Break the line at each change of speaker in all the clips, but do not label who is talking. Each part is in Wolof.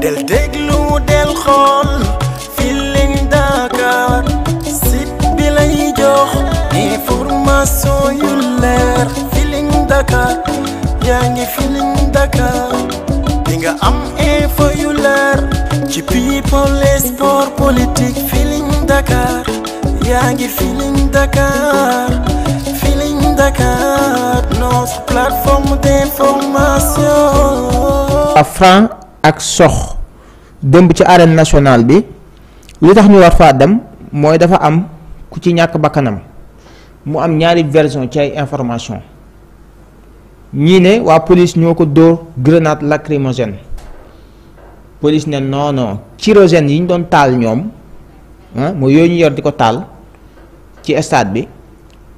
del déglu del xool Feeling Dakar site bi lay jox information leer Feeling Dakar yaa ngi Feeling Dakar di nga am info yu leer ci people et sport politique Feeling Dakar yaa ngi Feeling Dakar Dakar notre
ak Franc ak Sox dëmb ci arène nationale bi lu tax ñu war faa dem mooy dafa am ku ci ñàkk bakkanam mu am ñaari version ci ay information ñii ne waa police ñoo ko dóor grenade lacrymogène police ne non ci kérosène yi ñu doon taal ñoom ah mooy yooyu ñu yor di ko taal ci estade bi.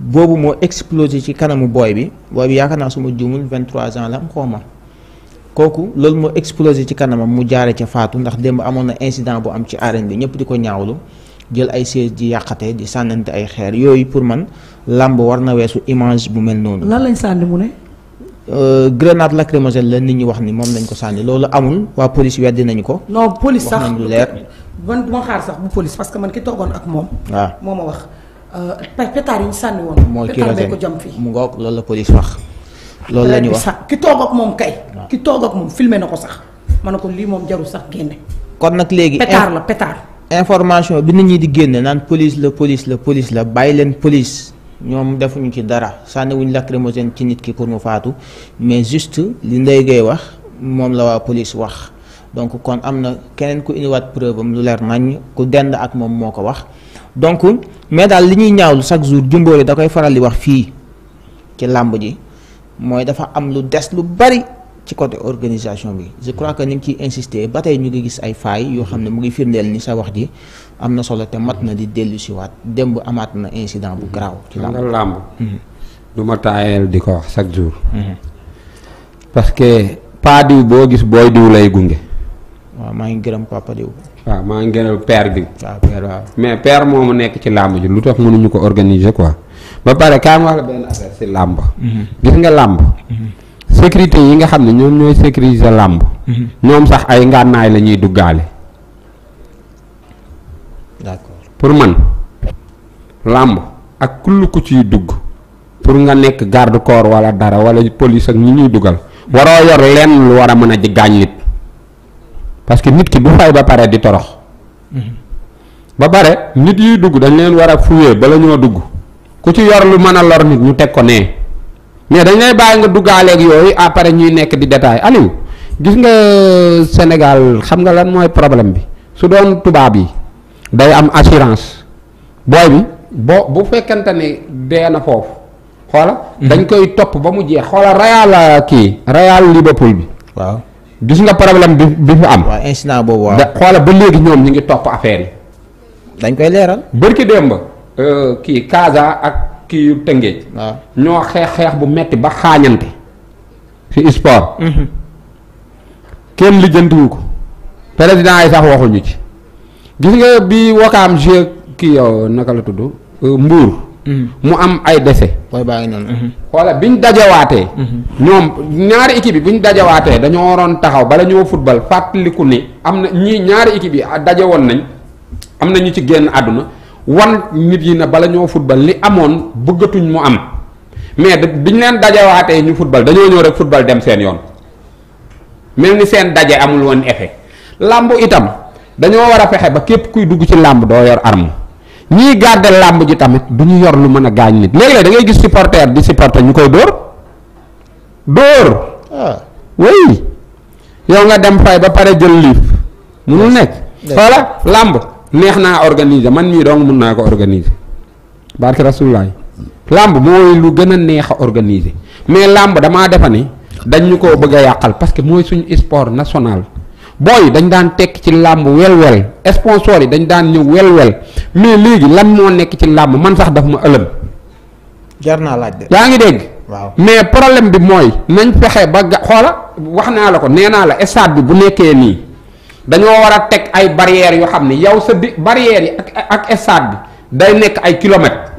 boobu moo explosé ci kanamu booy bi booy bi yaakaar naa suma juumul 23 ans la am xaw ma kooku loolu moo explosé ci kanamam mu jaare ca faatu ndax démb amoon na incident bu am ci arène bi ñëpp di ko ñaawlu jël ay siège di yàqate di sànnante ay xeer yooyu pour man làmb war na weesu image bu mel noonu.
lan lañ sànni mu ne.
Euh, grenade lacrymogène la nit ñi wax ni moom lañ ko sànni loolu amul waa police weddi nañu ko. non
police sax nañ lu leer. man du sax bu police parce que man ki toogoon ak moom. waaw ah. moo ma wax. pétard yi ñu sànni woon. bee ko jam fii
mu ngoo loolu la police wax.
loolu la ñu wax ki toog ak moom kay. ki toog ak moom filmé na ko sax. ma ne ko lii moom jarul sax génne.
kon nag léegi pétard la pétard. information bi na ñi di génne naan police la police la police la bàyyi leen police ñoom defuñu ci dara sànniwuñ lacrymogène ci nit ki pour mu faatu mais juste li Ndeye Gueye wax moom la waa police wax donc kon am na keneen ku indiwaat preuve am lu leer nañ ku dend ak moom moo ko wax. donc mais daal li ñuy ñaawlu chaque jour jumboole da koy faral di wax fii ci làmb ji mooy dafa am lu des lu bari ci côté organisation bi je crois que ni ngi ciy insister ba tey ñu ngi gis ay failles yoo xam ne mu ngi firndeel ni sa wax ji am na solo te mat na di dellu si waat démb amaat na incident bu garaaw. ci làmb nga làmb.
Mhm. taayal di ko wax chaque jour. Mhm. parce que pas diw boo gis booy diw lay gunge. waaw maa ngi gërëm papa diw. waaw maa ngi gënal père bi. waaw père waaw mais père moomu nekk ci làmb ji lu tax mënuñu ko organiser ko ba pare kaay ma la benn affaire si làmb. Mhm. gis nga làmb. Mhm. sécurité yi nga xam ne ñoom ñooy sécuriser làmb. Mhm. ñoom sax ay ngànnaay la ñuy duggaale. d'accord pour man làmb ak kull ku ciy dugg pour nga nekk garde corps wala dara wala police ak ñi ñuy dugal waroo yor lenn lu war a mën a gaañ nit parce que nit ki bu fay ba pare di torox. ba pare nit yuy dugg dañ leen war a fuyee ba lañoo dugg ku ci yor lu mën a lor nit ñu teg ko nee mais dañ lay bàyyi nga duggaaleeg yooyu après ñuy nekk di détail Aliou gis nga euh, Sénégal xam nga lan mooy problème bi su doon tubaab yi day am assurance booy bi boo bu fekkente ne dee na foofu xoola hmm. dañ koy topp ba mu jeex xoola Real euh, kii Real Liverpool bi waaw gis nga problème bi bi fi am. waaw incident boobu waaw. da xoola ba léegi ñoom ñu ngi topp affaire yi. dañ koy leeral. bërki démb euh, kii Kaza ak kii yu Tëngéej. ñoo xeex xeex bu metti ba xaañante. ci sport. Mhm. kenn lijjantiwu ko. président yi sax waxuñu ci. gis nga bi wakaam jeu kii euh, naka la tudd euh, Mbour. Mm-hmm. mu am ay décès. booy baa ngi noonu. Mm-hmm. xoola biñ dajawaatee. Mm-hmm. ñoom ñaari équipe yi buñ dajawaatee dañoo waroon taxaw bala ñoo football fàttaliku ne am na ñii ñaari équipe yi daje woon nañ am na ñu ci génn àdduna wan nit yi ne bala ñoo football li amoon bëggatuñ mu am mais biñ leen dajawaatee ñu football dañoo ñëw rek football dem seen yoon mel ni seen daje amul woon effet làmb itam dañoo war a fexe ba képp kuy dugg ci làmb doo yor arme. ñii garder làmb ji tamit du ñu yor lu mën a gaañ nit léegi-léeg da ngay gis supporter di supporter ñu koy dóor dóor ah. oui yow nga dem fay ba pare jël liif munul nekk voilà làmb neex naa organiser man mii dong mun naa ko organiser barke rasulullaay làmb mooy lu gën a neex a organiser mais làmb damaa defa ni dañ ñu ko bëgg a yàqal parce que mooy suñu sport national booy dañ daan tekk ci làmb wel-wel sponsor yi dañu daan ñëw wel-wel mais léegi lan moo nekk ci làmb man sax daf ma ëlëm.
jar naa laaj de.
yaa ngi dégg. waaw mais problème bi mooy nañ fexe ba ga xoola wax naa la ko nee naa la stade bi bu nekkee nii dañoo war a teg ay barrières yoo xam ne yow sa di barrières yi ak ak bi day nekk ay kilomètres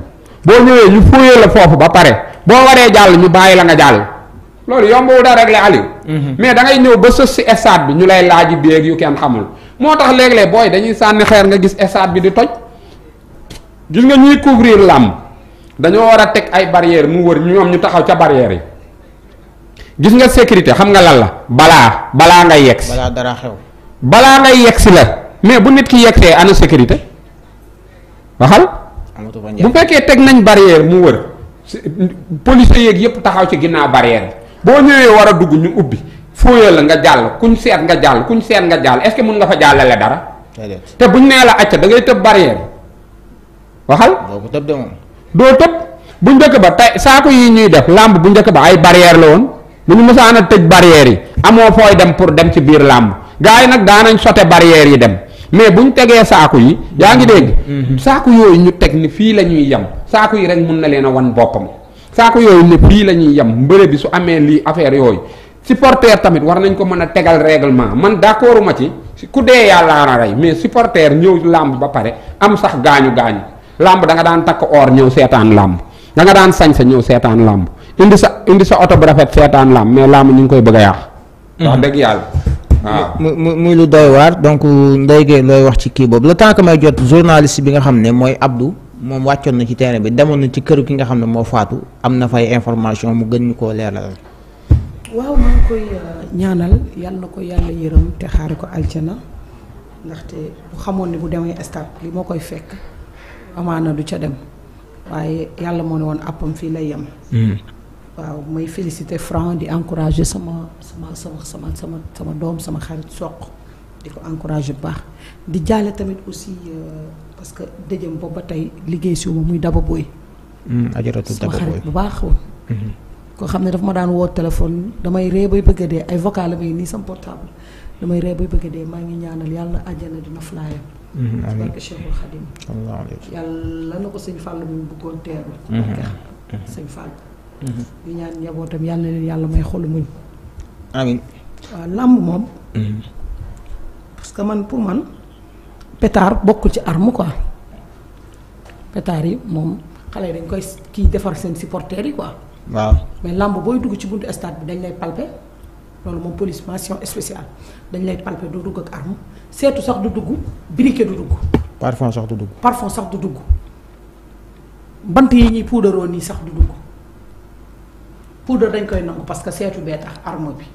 boo ñëwee ñu fóoyee la foofu ba pare boo waree jàll ñu bàyyi la nga jàll. loolu yomb daa réglé Aliou. Mhm. mais da ngay ñëw ba sës si stade bi ñu lay laaj laaji béeg yu kenn xamul moo tax léeg-léeg booy dañuy sànni xeer nga gis estade bi di toj gis nga ñuy couvrir làmb dañoo war a teg ay barrière mu wër ñoom ñu taxaw ca barrière yi gis nga sécurité xam nga lan la balaa balaa ngay yegg si balaa dara xew balaa ngay yegg si la mais bu nit ki yegsee ana sécurité waxal bu fekkee teg nañ barrière mu wër police yeeg yëpp taxaw ci ginnaaw barrière boo ñëwee war a dugg ñu ubbi fooyee la nga jàll kuñ seet nga jàll kuñ seet nga jàll est-ce que mun nga fa jàllale dara. te buñ nee la acca da ngay tëb barrière waxal. doo ko tëb bu njëkk ba tey saako yi ñuy def làmb bu njëkk ba ay barrière la woon bu ñu mësaan a tëj barrière yi amoo fooy dem pour dem ci biir làmb gars yi nag daanañ sote barrière yi dem mais bu ñu tegee saako yi yaa ngi dégg. Mm-hmm. saako yooyu ñu teg ni fii la ñuy yem saako yi rek mun na leen a wan boppam. saako yooyu ne fii la ñuy yem mbëre bi su amee lii affaire yooyu supporter tamit war nañ ko mën a tegal règlement man d'accordu ma ci ku dee yàlla na rey mais supporter ñëw làmb ba pare am sax gaañu gaañu làmb da nga daan takk or ñëw seetaan làmb da nga daan sañ sa ñëw seetaan làmb indi sa indi sa oto bu rafet seetaan làmb mais làmb ñu ngi koy bëgg a yàq. Mm-hmm. wax dëgg yàlla. waaw mu mu muy lu doy waar donc Ndeye Gueye looy wax ci kii boobu le temps que may jot journaliste
bi nga xam ne mooy Abdou. moom wàccoon na ci terrain bi demoon na ci këru ki nga xam ne moo faatu am na fay information mu gën ñu koo leeralal.
waaw maa ngi koy euh, ñaanal yàlla ko yàlla yërëm te xaare ko aljana ndaxte bu xamoon ne bu demee stade li moo koy fekk amaana du ca dem waaye yàlla moo ne woon àppam fii lay yem. Hmm. waaw may féliciter Franc di encourager sama sama sama sama sama sama doom sama xarit soq di ko encourager bu baax di jaale tamit aussi. Euh, parce que dëjëm boobu ba tey liggéey si ma muy Daba Boy.
Mm, ajaratu Daba Boy sama xarit bu
baax woon. Mm-hmm. koo xam ne daf ma daan woo téléphone damay ree bay bëgg a dee ay vocal la nii sama portable damay ree bay bëgg dee maa ngi ñaanal yàlla àjjana dina flaayam. Mm-hmm, amiin barke Cheikhul yàlla na ko sëñ Fallou mi bëggoon teeru. Mm-hmm, barke sëñ Fallou. ñu ñaan njabootam yàlla leen yàlla may xolu muñ. amiin waaw làmb moom. parce man pour man. pétard bokkul ci arme quoi pétard yi moom xale yi dañ koy kii defar seen supporters yi quoi. waaw mais làmb booy dugg ci buntu stade bi dañ lay palper loolu moom police mention spéciale dañ lay palper du dugg ak arme seetu sax du dugg briquet du dugg.
parfum sax du dugg.
parfum sax du dugg bant yi ñuy puudaroo nii sax du dugg puudar dañ koy nangu parce que seetu bee tax arme bi.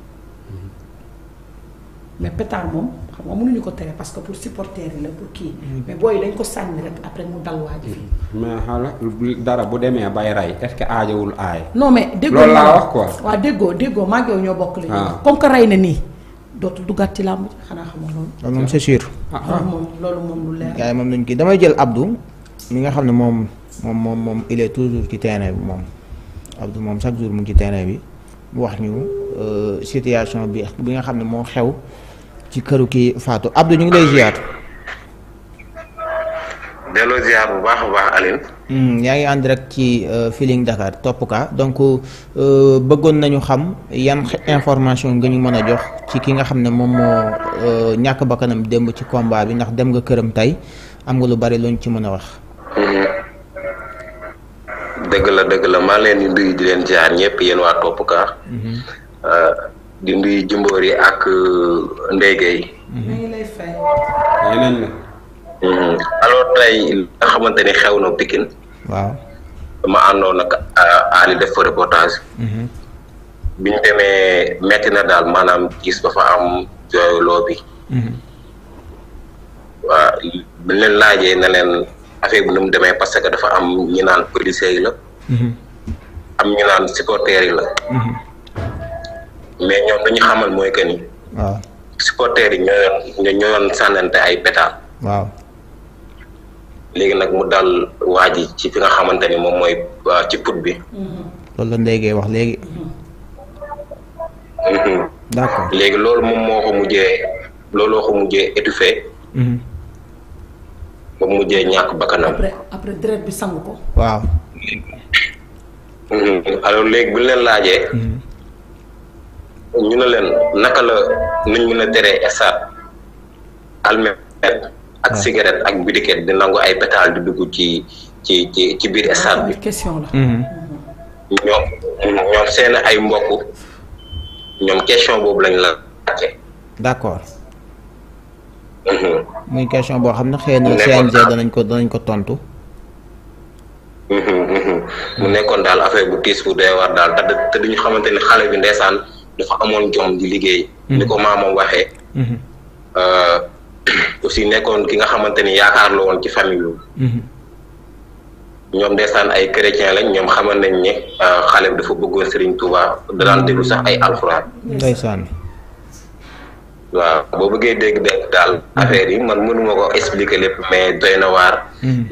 mais pétard moom xam nga mënuñu ko tere parce que pour supporter yi la pour kii. Mm. mais booy dañ ko sànni rek après mu dal waa ji fii.
Mm. mais xala dara bu demee bay rey est-ce que aajowul aay. non mais déggoo loolu laa wax
quoi. déggoo ñoo bokk. li ah. comme na nii. dootul duggaat ci làmb xanaa xamoo loolu. loolu moom ah, ah. moom loolu moom lu leer.
gars moom lañ kii damay jël Abdou. mi nga xam ne moom moom moom moom il est toujours ci terrain bi moom Abdou moom chaque jour mu ngi ci terrain bi mu wax ñu euh, situation bi bi nga xam ne moo xew. ci këru ki faatu Abdou ñu ngi lay ziar.
delloo ziar bu baax baax Alioune.
Hmm, yaa ngi ànd rek ci euh, Feeling Dakar topp ka donc euh, bëggoon nañu xam yan information nga ñu mën a jox ci ki nga xam ne moom moo euh, ñàkk bakkanam démb ci komba bi ndax dem nga këram tey am nga lu bari luñ ci mën a wax.
Hmm. dëgg la dëgg la maa leen di nuyu di leen ziar ñëpp yéen waa topp ka. Hmm. di nuyu jëmboor yi ak euh, ndéyge yi. yeneen mm-hmm. alors ni xew na Pikine. waaw dama àndoon ak euh, Ali def fa reportage. Mm-hmm. bi ñu metti na daal maanaam gis ba fa am jooyloo bi. Mm-hmm. leen laajee na leen affaire bi nu mu demee parce que dafa am ñu naan policiers la. am ñu naan la. mais ñoom lu ñu xamal mooy que ni. waaw supporters yi ñoo ñoo sànnante ay pétard. waaw léegi nag mu dal waa ji ci fi nga xamante ni moom mooy ci pout bi.
Mm-hmm.
loolu la ndéygee wax léegi. Mm-hmm.
léegi loolu moom moo ko mujjee looloo ko mujjee étouffé. Mm-hmm. ba mujjee ñàkk bakkanam.
après ko.
waaw.
alors léegi bu leen laajee. ñu ne leen naka la nuñ mën a teree estaat almet ak cigarette ak briquet di nangu ay pétale di dugg ci ci ci ci biir ah, estaat bi.
question la. Mhm.
ñoom ñoom seen ay mbokk ñoom question boobu lañ la laajte. d'accord. Mhm.
muy question boo xam ne xëy na CNG danañ ko danañ ko tontu.
Mhm, mu nekkoon daal affaire bu tiis bu doy waar daal te te duñu xamante ni xale bi ndeysaan. dafa amoon jom di liggéey. Mm-hmm. ni ko maamam waxee. Mm-hmm. Euh, aussi nekkoon ki nga xamante ni yaakaar la woon ci famille bi. Mm-hmm. ñoom ndeysaan ay chrétien lañ ñoom xamal nañ ne euh, xale dafa bëggoon Serigne Touba
da daan déglu sax ay alxuraan. ndeysaan.
waaw boo bëggee dégg daal affaire yi man mënuma ko expliquer lépp mais doy na waar.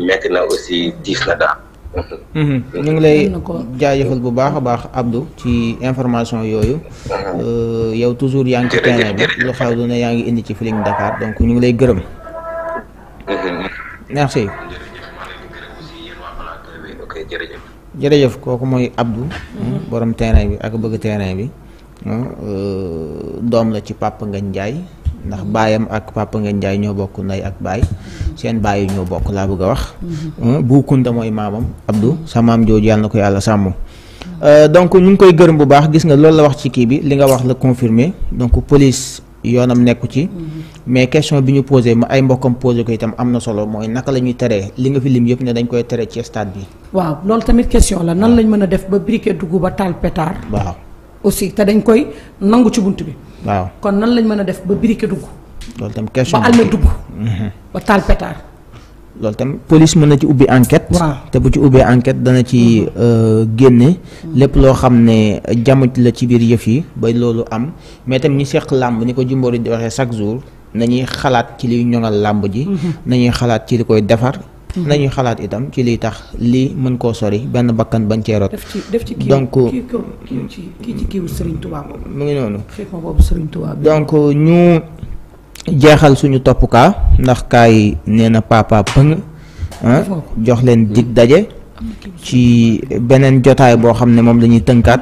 metti na aussi diis na daal.
Mm-hmm. ñu ngi lay jaajëfal bu baax a baax abdu ci information yooyu uh-huh. yow toujours yaa ngi ci terrain bi lu xew lu ne yaa ngi indi ci Feeling Dakar donc ñu ngi lay gërëm mm-hmm. merci jërëjëf kooku mooy abdu mm-hmm. borom terrain bi ak bëgg terrain bi uh, doom la ci Papa ngañ jaay ndax baayam ak Papa Ngagne Ndiaye ñoo bokk ndey ak baay seen baay yi ñoo bokk laa bëgg a wax. Mhm. bu Kunta mooy maamam Abdou sa maam jooju yàlla na ko yàlla sàmm. Euh, donc ñu ngi koy gërëm bu baax gis nga loolu la wax ci kii bi li nga wax la confirmé donc police yoonam nekku ci. Mhm. mais question bi ñu posé ma ay mbokkam posé ko itam am na solo mooy naka lañuy ñuy teree li nga fi lim yëpp ne dañ koy tere ci stade bi.
waaw loolu tamit question la nan lañ mën a def ba briquet ba taal aussi te dañ koy nangu ci bunt bi. waaw kon nan lañ mën a def ba briquet dugg. loolu tam question ba almet dugg. Mhm. ba taal pétard. loolu
tam police mën na ci ubbi enquête. te bu ci ubbee enquête dana ci euh, génne. Mhm. lépp loo xam ne jamuj la ci biir yëf yi ba loolu am mais tam ñi seq làmb ni ko Jimbori di waxee chaque jour na ñuy xalaat ci liy ñoŋal làmb ji. Mhm. nañuy xalaat ci li koy defar. Mhm. nañuy xalaat itam ci liy tax lii mën koo sori benn bakkan bañ cee rot. def
ci def donc mu ngi noonu. boobu Serigne
ñu jeexal suñu topp kaa ndax kay yi nee na papa pëng ah, jox leen dig daje ci beneen jotaay boo xam ne moom lañuy tënkaat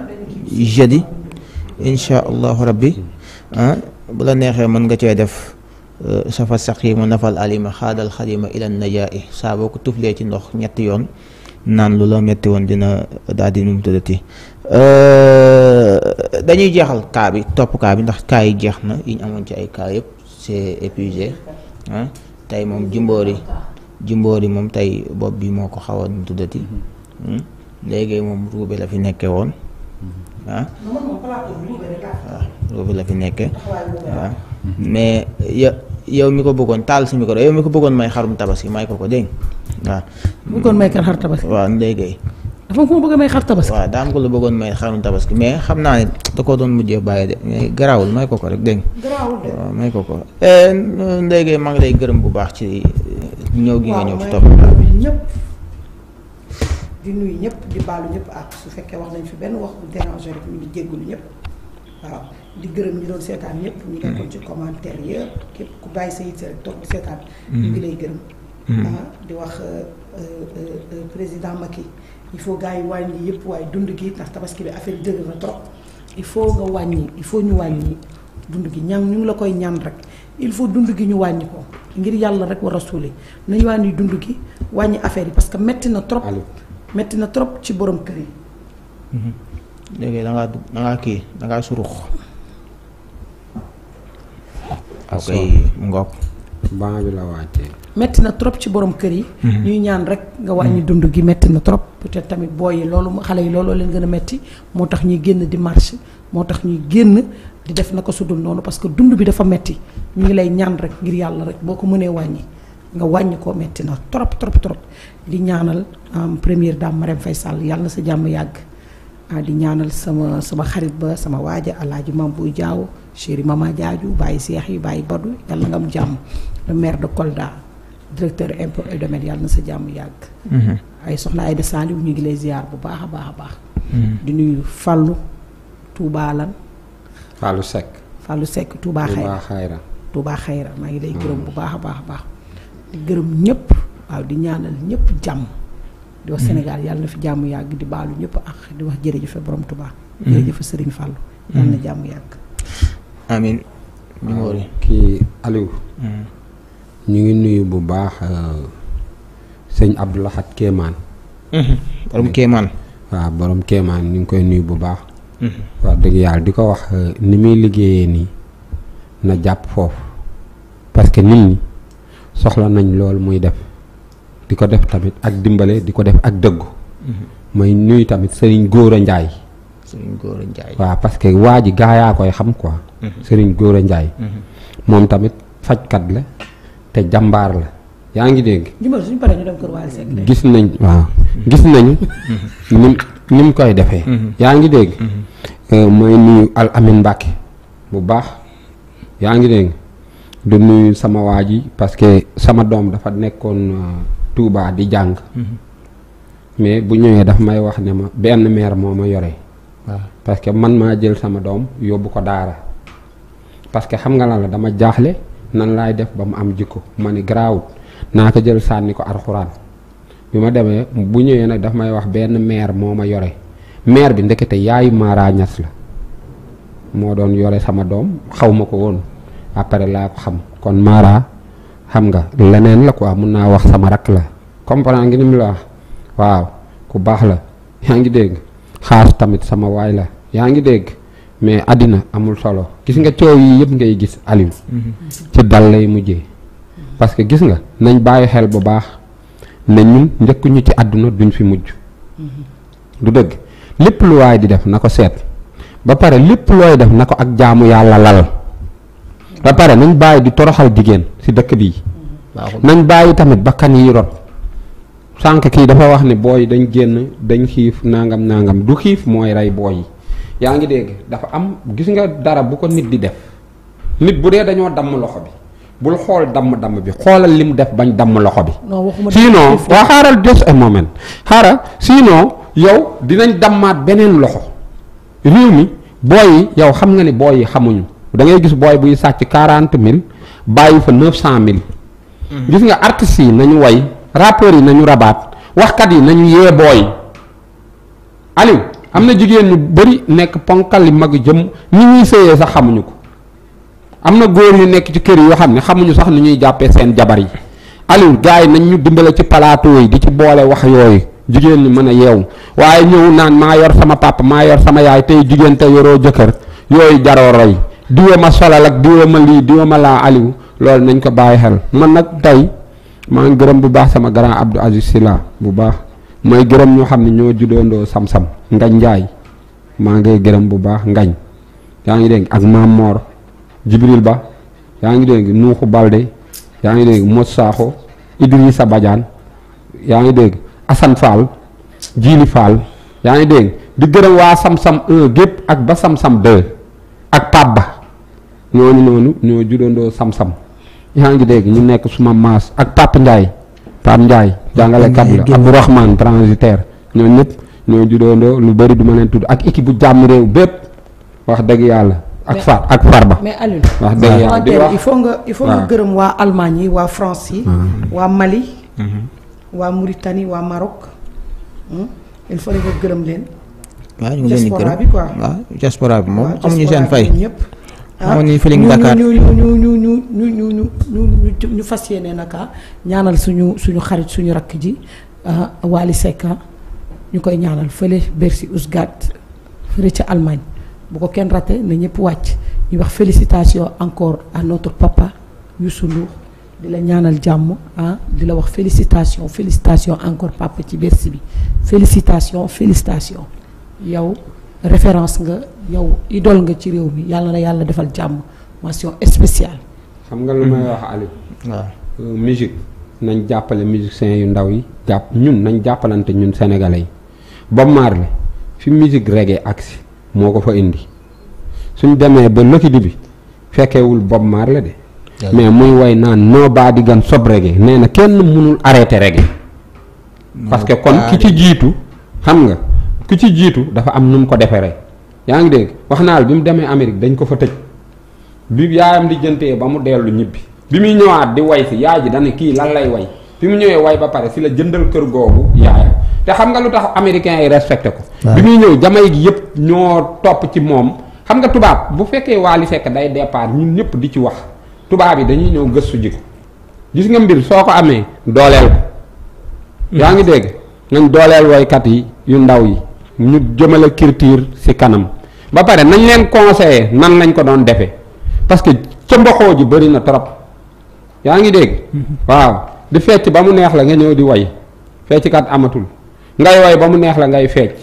jeudi incha allahu rabbi ah, bu la neexee mën nga cee def. sa safa saqiima nafal alima xaadal xalima ilan najaa'i saa boo ko tuflee ci ndox ñetti yoon naan lu la metti woon dina daal di nu mu tëddati euh, dañuy jeexal kaa bi topp kaa bi ndax kaa yi jeex na yi ñu amoon ci ay kaa yëpp c'est épuisé ah tey moom jimboori jimboori moom tey bopp bi moo ko xaw a nu mu tuddati hmm. léegi moom ruube la fi nekkee woon mm-hmm. ah. ah ruube la fi nekkee waaw ah. mais ya yow mi ko bëggoon taal si micro yow mi ko bëggoon may xarum tabaski may ko ko dégg waaw. bëggoon may xar tabaski. waaw Ndeye dafa ko bëgg may xar tabaski. ko la bëggoon may xarum tabaski mais xam naa ne da ko doon mujjee bàyyi de mais may ko ko rek dégg
nga.
may ko ko. Eh, Ndeye Gueye maa ngi lay gërëm bu baax ci eh, ñëw gi nga ñëw ci topp.
di nuyu ñëpp di baalu ñëpp ak su fekkee wax nañ fi benn wax bu rek ñu ngi jégalu ñëpp di gërëm ñu doon seetaan ñëpp. ñu nekkoon mm-hmm. ci commentaire yëpp képp ku bàyyi sa yitte rek toog di seetaan. Mm-hmm. ñu ngi lay gërëm.
Mm-hmm. Ah,
di wax euh, euh, euh, président Macky il faut gars yi wàññi yëpp waaye dund gi ndax tabaski bi affaire dëgg na il faut nga il faut ñu wàññi dund gi ñaan ñu ngi la koy ñaan rek il faut dund gi ñu wàññi ko ngir yàlla rek war a suuli nañu wàññi dund gi wàññi affaire parce que metti na trop. metti na trop ci borom kër yi.
léegi da surux. ak ngoog ban bi la wàccee.
métti na trop ci borom kër yi. Mhm. ñuy ñaan rek nga wàññi mhm. dund gi métti na trop. peut-être tamit booy yi loolu xale yi looloo leen gën a métti moo tax ñuy génn di marché moo tax ñuy génn di def na ko su dul parce que dund bi dafa métti ñu ngi lay ñaan rek ngir yàlla rek boo ko mënee wàññi nga wàññi ko métti na trop trop trop. di ñaanal première ma Marème fay Sall yàlla sa jàmm yàgg ah, di ñaanal sama sama xarit ba sama waaja Alaaji Mam buy Jaaw chéri mama Diadio bàyyi seex yi bàyyi badu yàlla nga am jàmm le maire de Kolda directeur impôts et domaines yàlla na sa jàmm yàgg. Mhm. ay soxna Aïda Saliou ñu ngi lay ziar bu baax a baax a baax. Mhm. di nuyu fallu Touba lan. Fallou Seck. Fallou Seck Touba Xayra Touba Xayra. Touba maa ngi lay mhm. gërëm bu baax a baax a baax. di gërëm ñëpp waaw di ñaanal ñëpp jàmm. di wax Sénégal yàlla na fi jàmm yàgg di baalu ñëpp ak di wax jërëjëf borom Touba. jërëjëf Serigne Fallou. yàlla na jàmm yàgg.
amiin. Ah, kii Aliou. Hmm. ñu ngi nuyu bu baax euh, sëñ ab laxat kemaan hmm. borom Kéemaan. waaw borom kemaan ñu ngi koy nuyu bu baax. Hmm. wax dëgg yàlla di ko wax euh, ni muy liggéeyee nii na jàpp foofu parce que nit ñi soxla nañ lool muy def di ko def tamit ak dimbale di ko def ak dëggu. may nuyu tamit sëriñ Góora Njaay
Serigne Gora Ndiaye.
waaw parce que waa ji gaa yaa koy xam quoi. Mhm. Serigne Gora Ndiaye. Mhm. moom tamit fajkat la te jàmbaar la yaa ngi dégg.
gis nañ waaw
mhm. gis nañu. nim ni koy defee. yaa ngi dégg. Euh, mooy nuyu Al Amin bu baax yaa ngi dégg du nuyu sama waa ji parce que sama doom dafa nekkoon euh, tuubaa di jàng. mais bu ñëwee daf may wax ne ma benn maire moo ma yore parce que man maa jël sama doom yóbbu ko daara parce que xam nga la dama jaaxle nan laay def ba mu am jikko ma ni garaawut naa ko jël sànni ko alxuraan bi ma demee bu ñëwee nag daf may wax benn maire moo ma yore maire bi ndekete yaayu Mara Niass la moo doon yore sama doom xaw ma ko woon après laa ko xam kon Mara xam nga leneen la ko mun naa wax sama rakk la comprendre ngi ni mu la wax waaw ku baax la yaa ngi dégg. xaas tamit sama waay la yaa ngi dégg mais àddina amul solo gis nga coow yi yëpp ngay gis Aliou mm-hmm. ci dal lay mujjee parce que gis nga nañ bàyyi xel bu baax ne ñun njëkkuñu ci àdduna duñ fi mujj mm-hmm. du dëgg lépp lu waay di def na ko seet ba pare lépp looy def na ko ak jaamu yàlla lal ba pare nañ bàyyi di toroxal jigéen si dëkk bii mm-hmm. nañ bàyyi tamit bakkan yi rot sànq kii dafa wax ne booy dañ génn dañ xiif nangam nangam du xiif mooy rey booy yaa ngi dégg dafa am gis nga dara bu ko nit di def nit bu dee dañoo damm loxo bi bul xool damm-damm bi xoolal li mu def bañ damm loxo bi sinon waa xaaral just a moment xaaral sinon yow dinañ dammaat beneen loxo réew mi booy yi yow xam nga ni booy xamuñu dangay gis booy buy sàcc quarante mille bàyyi fa neuf cent mille mm. gis nga artistes yi nañu woy rappeurs yi nañu rabaat waxkat yi nañu yee booy Aliou am na jigéen ñu bëri nekk ponkal yi mag jëm ni ñuy sëyee sax xamuñu ko am na góor yu nekk ci kër yoo xam ne xamuñu sax ni ñuy jàppee seen jabar yi Aliou gars yi nañ ñu dimbale ci plateau yi di ci boole wax yooyu jigéen ñi mën a yeewu waaye ñëw naan maa yor sama papa maa yor sama yaay tey jigéen te yoroo jëkkër yooyu jaroo roy diwa ma solal ak diwa ma lii diwa ma laa Aliou loolu nañ ko bàyyi xel man nag tey. maa ngi gërëm bu baax sama grand Abdou Aziz Sila bu baax mooy gërëm ñoo xam ne ñoo juddoondoo sam-sam ngañ njaay maa ngi gërëm bu baax ngañ yaa ngi dégg ak maam Mor Jibril Ba yaa ngi dégg Nuuxu Balde yaa ngi dégg Mos Saaxo sa Badiane yaa ngi dégg Assane Fall Jili Fall yaa ngi dégg di gërëm waa sam gépp ak ba sam-sam ak Pape Ba ñooñu noonu ñoo juddoondoo sam-sam yaa ngi dégg ñu nekk suma maas ak Pape Ndiaye Pape Ndiaye jàngalekat la Abdourahmane transitaire ñoo ñëpp ñoo judoondoo lu bari duma leen tudd ak équipe bu jàmm réew bépp wax dëgg yàlla ak far ak farba mais Alioune il faut
nga gërëm waa Allemagne yi waa France yi mm-hmm. waa Mali mm-hmm. waa Mauritanie waa Maroc hmm? il faut nga gërëm leen
waaw ñu ngi leen di amuñu seen fay ñëpp amoon nañu Feeling Dakar ñu ñu
ñu ñu ñu ñu ñu ñu ñu fas yéene naka ñaanal suñu suñu xarit suñu rakk ji Wally Seck ñu koy ñaanal fële Bercy Ousgard fële ca Allemagne bu ko kenn raté na ñëpp wàcc ñu wax félicitations encore à notre papa Youssou Ndour di la ñaanal jàmm ah di la wax félicitations félicitations encore papa ci Bercy bi félicitations félicitations yow. référence nga yow idole nga ci réew mi yàlla na yàlla defal jàmm mention spéciale.
xam nga lu may hmm. wax Aliou. Euh, musique nañ jàppale musiciens yu ndaw yi jàpp ñun nañ jàppalante ñun sénégalais yi Bob Marley fi musique reggae aksi moo ko fa indi suñ demee ba lëkkati bi fekkewul Bob Marley de. mais muy way naan nobody can stop reggae nee na kenn mënul arrêter reggae. parce que kon ki ci jiitu xam nga. ku ci jiitu dafa am nu mu ko deferee yaa ngi dégg wax naa la bi mu demee Amérique dañ ko fa tëj bi yaayam di ba mu dellu ñibbi bi muy ñëwaat di way si yaay ji dana kii lan lay woy bi mu ñëwee woy ba pare si la jëndal kër googu yaayam te xam nga lu tax américains yi respecté ko bi muy ñëw Jamaïque yëpp ñoo topp ci moom xam nga tubaab bu fekkee Wally Seck day départ ñun ñëpp di ci wax tubaab yi dañuy ñëw gëstu ji ko gis nga mbir soo ko amee dooleel hmm. yaa ngi dégg nañ dooleel woykat yi yu ndaw yi ñu jëmale culture ci kanam ba pare nañ leen conseiller nan lañ ko doon defee parce que ca mboxoo ji bëri na trop yaa ngi dégg. Mhm. waaw di fecc ba mu neex la nga ñëw di way fecckat amatul ngay woy ba mu neex la ngay fecc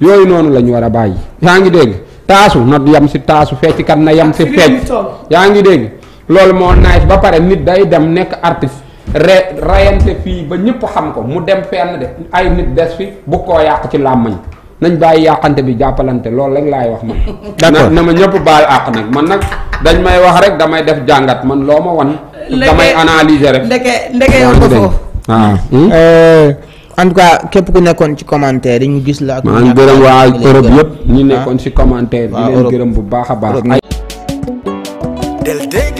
yooyu noonu la ñu war a bàyyi yaa ngi dégg taasu na yem ci taasu fecckat na yem ci fecc yaa ngi dégg loolu moo nice ba pare nit day dem nekk artiste re rayante fii ba ñëpp xam ko mu dem fenn de ay nit des fi bu koo yàq ci làmmañ nañ bàyyi yàqante bi jàppalante loolu rek laay wax man. d'accord na ma ñëpp baal àq nag man nag dañ may wax rek damay def jàngat man loo ma wan. damay analyser rek.
ndeke ndeke yow ko foofu waaw.
Ah. Hmm? Euh,
en képp ku nekkoon ci commentaire yi ñu gis laa ak maa gërëm waa Europe yëpp.
ñu nekkoon ah. ci commentaire. di leen gërëm bu baax a baax.
del dégg